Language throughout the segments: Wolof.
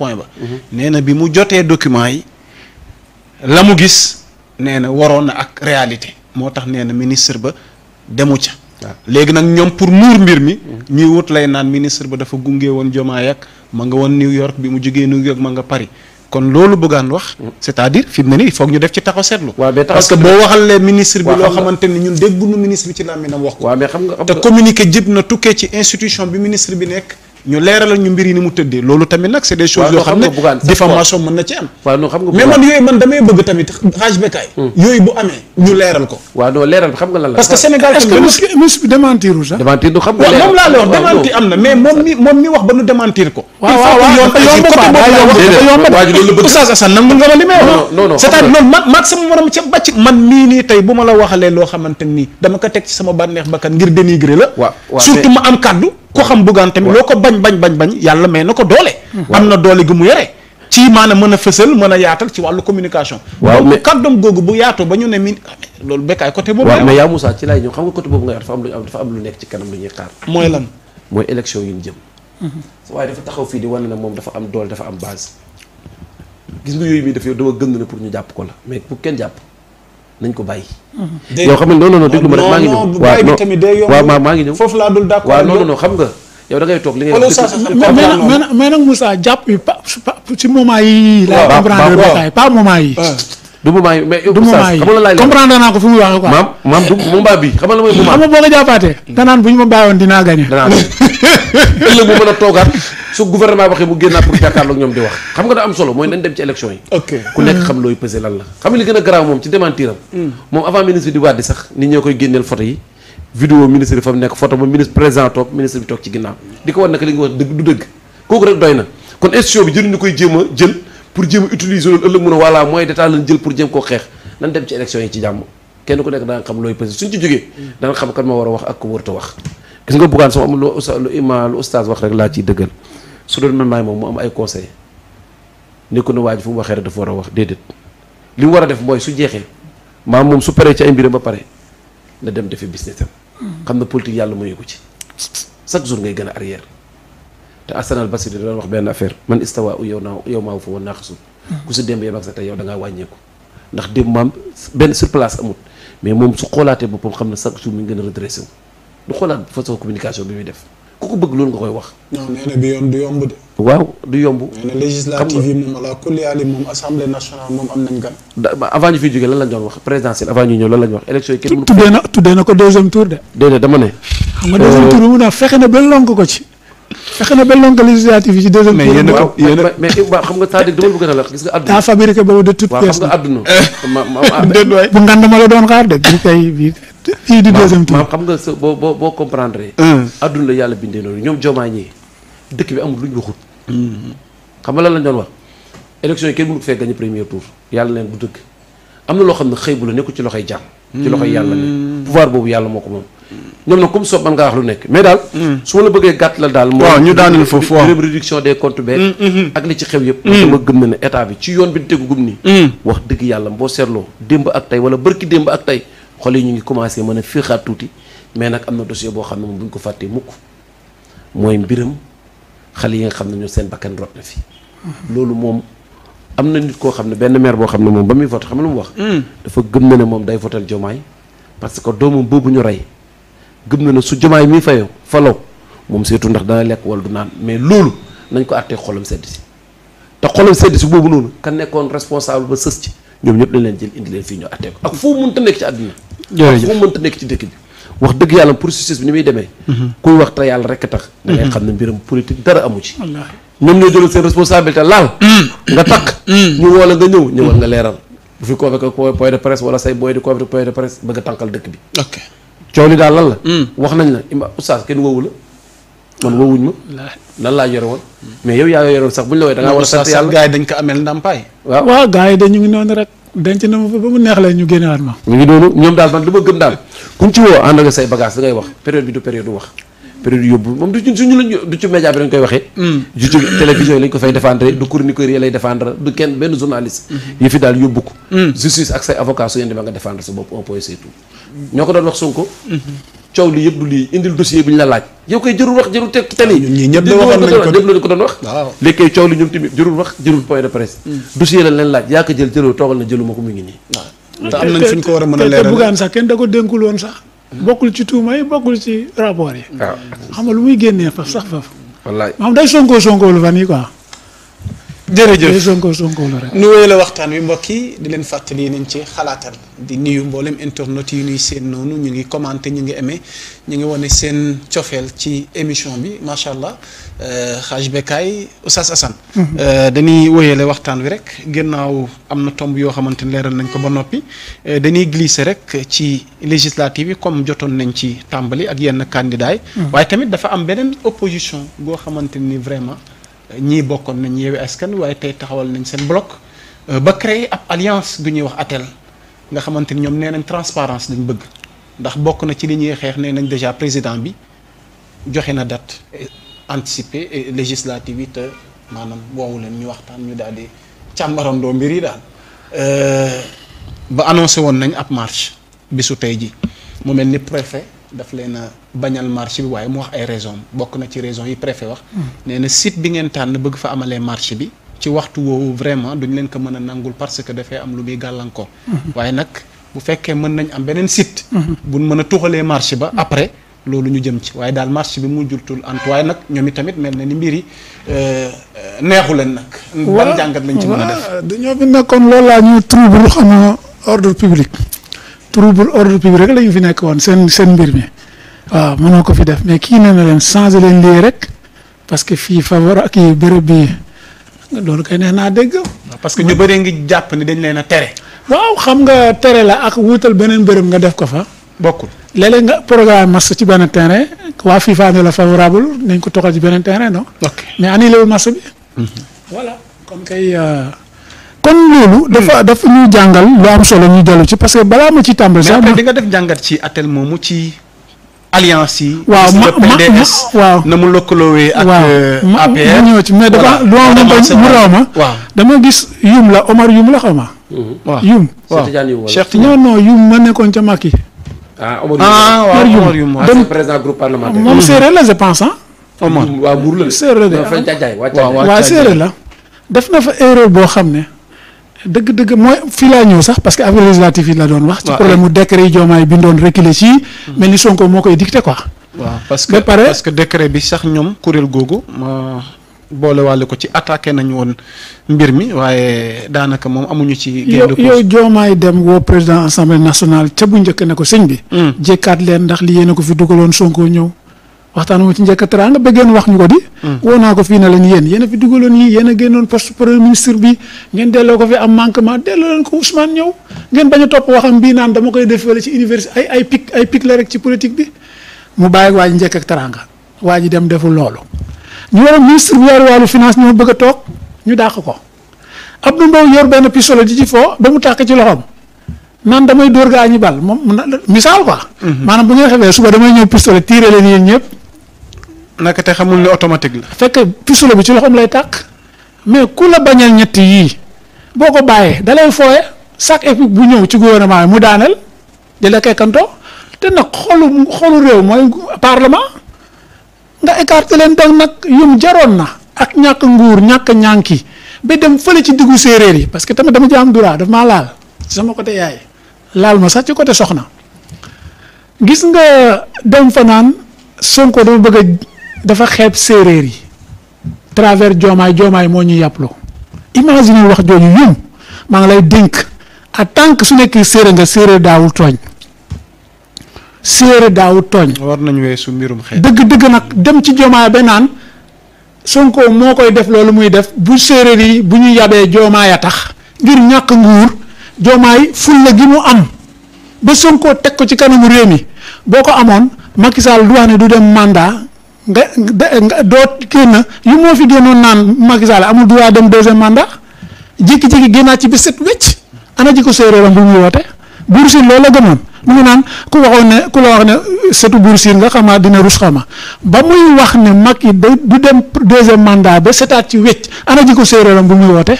point ba. nee na bi mu jotee document yi la mu gis nee na waroon na ak réalité moo tax nee na ministre ba demu ca. Ah. léegi nag ñoom pour muur mbir mi. ñuy wut lay naan ministre ba dafa gunge woon Jomaay ak ma nga woon New York bi mu jógee New York ma nga Paris. kon loolu bëggaan wax. c'est-à-dire fi nii foog ñu def ci taxaw seetlu. parce boo waxalee ministre bi loo xamante ni ñun dégguñu ministre bi ci làmmiñam wax ko. waaw mais xam te communiqué jib na tukkee ci institution bi ministre bi nekk. ñu leeralal ñu mbir yi ni mu tëddee loolu tamit nag c'est des yoo xam ne diffamation mën na ci am mais man yooyu man damay bëgg tamit xaaj hmm. ñu leeral ko waaw leeral xam nga lan la que Sénégal est-ce que monsieur démentir u sax démentir du xam nga moom laa la wax na mais moom ma li may sama morom ca bàcc man nii nii tey bu ma la waxalee loo xamante nii dama ko teg ci sama bànneex bakkan ngir dénigrer la surtout ma am kàddu ko xam buggante tamit loo ko bañ bañ bañ bañ yàlla may na ko doole. am na doole gi mu yore. ci maanaam mën a fësal mën a yaatal ci wàllu communication. waaw mais kàddoom googu bu yaatoo ba ñu ne mi ah, loolu bekkaay côté boobu. waaw yaa Moussa ci laay ñëw xam nga côté boobu nga wax dafa am lu dafa am lu nekk ci kanam lu ñuy xaar. mooy lan mooy élection mhm. waaye taxaw fii di wane ne moom dafa am doole dafa am base. gis nga yooyu bi dafa yow dama gëm ne pour ñu jàpp ko la mais bu kenn jàpp nañ ko bàyyi. yow xam nga non non déglu ma rek maa ngi ñëw waaw non tamit day yomb waaw maa maa ngi ñëw foofu laa xam nga yow da ngay toog li ngay wax mais jàpp yi pa ci yi du moment yi du moment yi comprendre naa ko fi muy waxee quoi maam maam du moment bi xam la mooy moment xam nga boo ko danaan bu ñu ma bàyyi woon dinaa gagné a su gouvernement waxee mu génnaat pour jàkkaarloog ñoom di wax xam nga da am solo mooy nañ dem ci élection yi ku nekk xam looy pesé lan la xam nga li a garaaw moom ci démentiram hmm. moom avant ministre bi di wàddi sax war na kon a jël pour jéem a utiliser loolu a voilà mooy d'état lañ koo xeex nan dem ci élection yi kenn ku nekk danga xam looy pesé suñ ci jógee hmm. danga xam kan ma a wax ak ko wërta wax gis nga buggaan sama am lu ima lu oustaz wax rek laa ciy dëggal su doon man maay moom mu am ay conseil nekku na ne waa ji mu waxee rek dafa war a wax déedéet li mu war a def mooy su jeexee maam moom su paree ci ay mbiram ba pare na dem defi business am hmm. xam na politique yàlla mayu ko ci chaque jour ngay gën a arrière te Arsenal Basir doon wax benn affaire man istawa u yow naa yow maaw fa woon naaxasul hmm. ku si démb yem ak sa tey yow da ngaa wàññeeku ndax démb maam benn sur place amut mais moom su xoolaatee boppam xam ne chaque jour mi gën a redressé wu du xoolaat façon bi muy def ku ko bëgg loolu nga koy wax. non bi yoon du yomb de. waaw du yomb. nee na législative moom ala kulli ali moom assemblée nationale moom am nañ gan. avant ñu fiy jógee lan lañ doon wax présidentielle avant ñu ñëw lan lañ wax. élection yi kenn mënu tuddee na tuddee na ko deuxième tour de. déedéet dama ne. xam nga deuxième euh, tour mu ne fexe na ba lonk ko ci. fexe na ba lonka législative yi ci deuxième tour. xam nga c'est-à-dire dama bëgg a wax gis nga àdduna. daa fabriqué boobu de toute pièce. Eh, ma la tour. xam la yàlla doon wax. élection yi kenn mënu ko fee gagné premier leen du dëkk am na loo xam ne xëy bu la nekku ci loxoy jàmm. ci loxoy yàlla ne mm. pouvoir boobu yàlla moo ko moom ñoom nag comme soob man nga wax lu nekk mais daal su ma la bëggee gàtt la daal moo ñu daaneel foofu waaw réduction des comptes beeg mm, mm, mm. ak li ci xew yëpp dama gëm bi ci yoon bi tegu gum nii wax dëgg yàlla boo seetloo démb ak tey wala bërki démb ak tey xol yi ñu ngi commencé mën a féexaat tuuti mais nag am na dossier boo xam ne moom bu ñu ko fàttee mukk mooy mbiram xale yi nga xam ne seen bakkan rot na loolu moom am na nit koo xam ne benn maire boo xam ne moom ba muy vote xam lu mu wax dafa gëm na ne moom day votal Diomaye parce que doomam boobu ñu rey gëm na ne su jomaay mi fayoo faloo moom seetu ndax dana lekk wala du naan mais loolu nañ ko àttee xolam sedd si te xolam sedd si boobu noonu kan nekkoon responsable ba sës ci ñoom ñëpp dañ leen jël indi mhm. te da ngay mhm. xam ne mbiram politique laal mm. nga takk mm. ñu woo la nga ñëw ñëwal nga leeral bu fi convoqué point de presse wala say booy di convoqué point de presse bëgg a tànkal dëkk bi coow li daal lan la. Hmm. wax nañ la a oustaz kenn woowu la man woowuñ ma. lan laa yore woon. mais yow yaa yore woon sax buñ la wooyee da ngaa war a sant yàlla gaa yi dañ ko amel ndàmpaay. waaw waaw gaa yi dañ ñu ngi noonu rek denc na ma fa ba mu neex la ñu génnaat ma. ñu ngi noonu ñoom daal man lu ma gëm daal kuñ ci woo ànd say bagage da ngay wax période bi du période wax. période yóbbu moom du suñu lañ du ci média bi dañ koy waxee mm. du ci télévision yi lañ ko fay défendre du chroniqueur yi lay défendre du kenn benn journaliste mm-hmm. yëfi daal yóbbu ko mm. justice wax Sonko mm-hmm. coow lii yëpp du ko ñëpp wax léegi coow li ñoom tamit jërul wax jërul point de presse mm. dossier la leen laaj yaa jël jëloo toogal na jëluma ko mu ngi nii te am nañ fuñ ko war a mën a leeral sax kenn da ko dénkul sax bokkul ci tuuma yi bokkul ci rapport yi. waaw ah. xam nga lu muy génnee fa sax faf wallaay maanaam day sonkoo sonkoolu fan yi quoi. jërëjëf Sonko Sonko la waxtaan wi mbokk yi di leen fàttali nañ ci xalaatal di nuyu mboolem internet yi nuy seen noonu ñu ngi commenté ñu ngi aimé ñu ngi wane seen cofeel ci émission bi macha allah euh, xaaj Bekaay Oustaz Assane. Mhm. Euh, dañuy wéyale waxtaan wi rek gannaaw am na tomb yoo xamante ni leeral nañ ko ba noppi euh, dañuy glisser rek ci législative yi comme jotoon nañ ci tàmbali ak yenn candidats yi. Mhm. waaye tamit dafa am beneen opposition boo xamante ni vraiment. ñii bokkoon nañ yeewi askan waaye tey taxawal nañ seen bloc euh, ba créer ab alliance gu ñuy wax ATEL nga xamante ni ñoom nee nañ transparence lañ bëgg ndax bokk na ci li ñuy xeex nee nañ déjà président bi joxe na date anticipée et législative yi te maanaam woowu leen ñu waxtaan ñu daal di càmbarandoo mbir yi daal euh, ba annoncé woon nañ ab marche bisu tey ji mu mel ni préfet daf leen a bañal marché bi waaye mu wax ay raison bokk na ci raison yi préfet wax nee sit site bi ngeen tànn bëgg fa amalee marché bi ci waxtu woowu vraiment duñ leen ko mën a nangul parce que dafay am lu muy gàllankoor mhm. waaye nag bu fekkee mën nañ am beneen site mhm. buñ mën a tuxalee marché ba mhm. après loolu ñu jëm ci waaye daal marché bi mu jultul ant waaye nag ñoom itamit mel na ni mbiri yi euh, euh, neexu leen nag ban jàngat lañ ci mën a def dañoo bi nekkoon loolu laa ñuy xam ordre public trouble ordre public rek la ñu fi nekk woon seen seen mbir mi waaw mënoo ko fi def mais kii nee na leen changé leen lii rek parce que fii favor kii bërëb bi loolu kay nee naa dégg. parce que ñu bëree ngi jàpp ni dañ leen a tere. waaw xam nga tere la ak wuutal beneen bërëb nga def ko fa. bokkul léeg-léeg nga programme masse ci benn terrain waa FIFA ne la favorable nañ ko toxal ci beneen terrain non. ok mais annulé wu masse bi. Mhm. voilà comme kay. Euh, kon loolu. dafa hmm. dafa ñuy jàngal lu am solo ñu dellu ci parce que balaa ma ci tàmbali. sax mais di nga def jàngat ci atel moomu ci. alliance yi. waaw ma ma PDS waaw mu raw ma. dama gis yum la Omar yum la xaw ma. waaw yum. waaw Cheikh ma nekkoon ca Macky. ah Omar yum ah waaw président groupe parlementaire. la def na fa erreur boo xam ne. dëgg-dëgg mooy fii laa ñëw sax parce que affaire législative yi la doon wax. ci problème mu décret yi joomaay bi ñu doon reculer ci. Mm-hmm. mel ni Sonko moo koy dicté quoi. waaw parce que parce que décret bi sax ñoom kuréel googu ma boolewaale ko ci attaqué nañu woon mbir mi waaye daanaka moom amuñu ci. génn yow dem woo président assemblée nationale bu njëkk ne ko sëñ bi. Mm. jékkaat leen ndax li yéen a ko fi dugaloon Sonko ñëw. waxtaan moo ci njëkk teraanga bëggeen wax ñu ko di. Hmm. woo naa ko fii na leen yéen yéen a fi dugaloon yi yéen a génnoon poste ministre bi ngeen delloo ko fi am manquement delloo leen ko Ousmane ñëw ngeen bañ a topp waxam bii naan dama koy def wala ci ay ay pic ay pic la rek ci politique bi mu bàyyi waa ji njëkk ak teraanga waa ji dem deful loolu. ñu waroon ministre bi yor wàllu finance ñoo bëgg a toog ñu dàq ko Abdou Mbow yor benn pistolet ji ci foo ba mu tàkk ci loxoom. naan damay dóor gaa ñi bal moom misaal quoi. Hmm. maanaam bu ngeen xamee suba damay ñëw pistolet tiire leen yéen ñëpp naka te xamul ne automatique la. fekk pistolet bi ci loxoom lay tàkk mais ku la bañal ñett yii boo ko bàyyee da lay fooye chaque équipe bu ñëw ci gouvernement bi mu daaneel di la kekkantoo te nag xolu xolu réew mooy parlement nga écarté leen donc nag yum jaroon na ak ñàkk nguur ñàkk ñànki ba dem fële ci diggu séeréer yi parce que tamit dama jaam droit daf maa laal sama côté yaay laal ma sax ci côté soxna gis nga dem fanaan Sonko dama bëgg dafa xeeb séeréer yi travers joomaay joomaay moo ñu yàpploo imagine wax jooju ñun maa ngi lay dénk en tant su nekkee séeréer nga séeréer daawul tooñ séeréer daawul tooñ. war nañu weesu mbirum xeet. dëgg dëgg nag dem ci joomaay ba naan Sonko moo koy def loolu muy def bu séeréer yi bu ñu yabee joomaay a tax ngir ñàkk nguur joomaay fulla gi mu am ba Sonko teg ko ci kanamu réew mi boo ko amoon Macky Sall du wax ne du dem mandat. nga nga doo génn li moo fi génnoon naan Macky Sall amul droit dem deuxième mandat jékki-jékki génnaat ci bi set wecc ana ji ko séeréeram bu muy woote Buur Siin loolu la gëmoon mu naan ku waxoon ne ku la wax ne setu Buur Siin nga xamaa dina rus xama ba muy wax ne Macky da du dem deuxième mandat ba setaat ci wecc ana ji ko séeréeram bu muy woote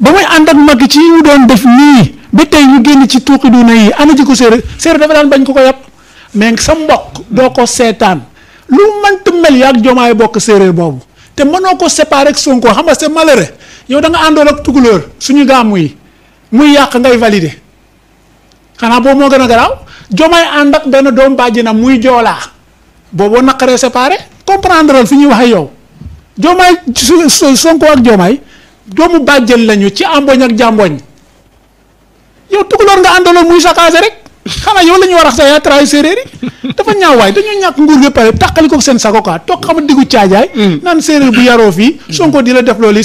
ba muy ànd ak Macky ci ñu doon def nii ba tey ñu génn ci tuuqi duna yi ana ji ko séeréer séeréer dafa daan bañ ko ko yàpp mais sa mboq doo ko seetaan lu mënta mel yaag jomaay bokk séeréer boobu te mënoo ko séparer ak Sonko xam nga c'est malheureux yow da nga àndoon ak tukulóor suñu gàmmu yi muy yàq ngay valider xanaa boobu moo gën a garaaw jomaay ànd ak benn doom bàjjina muy joolaa boobu naqaree séparer comprendre fi ñuy waxee yow jomaay Sonko ak jomaay doomu bàjjen lañu ci amboñ ak jàmboñ yow tukulóor nga àndaloon muy saccagé rek xanaa yow la ñu war a sax yaa trahi séeréer yi dafa ñaaw waay ñàkk nguur gi pare tàqali ko seen sago quoi toog xam a diggu caajaay mm. naan séeréer bu yaroo fii mm. Sonko di la def loolu